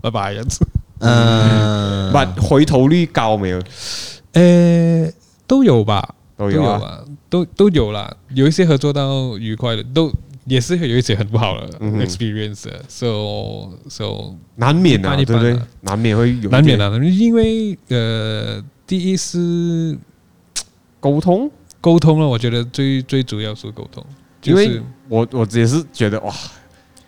拜拜，嗯，唔，回頭率高沒有？誒、欸，都有吧，都有啊，都有吧都，都有啦。有一些合作到愉快的，都也是有一些很不好的 experience 的、嗯。So so 難免啊，一般對不對，難免會有，難免啦、啊。因為，呃，第一是溝通，溝通啦。我覺得最最主要是溝通，就是、因為我我也是覺得哇。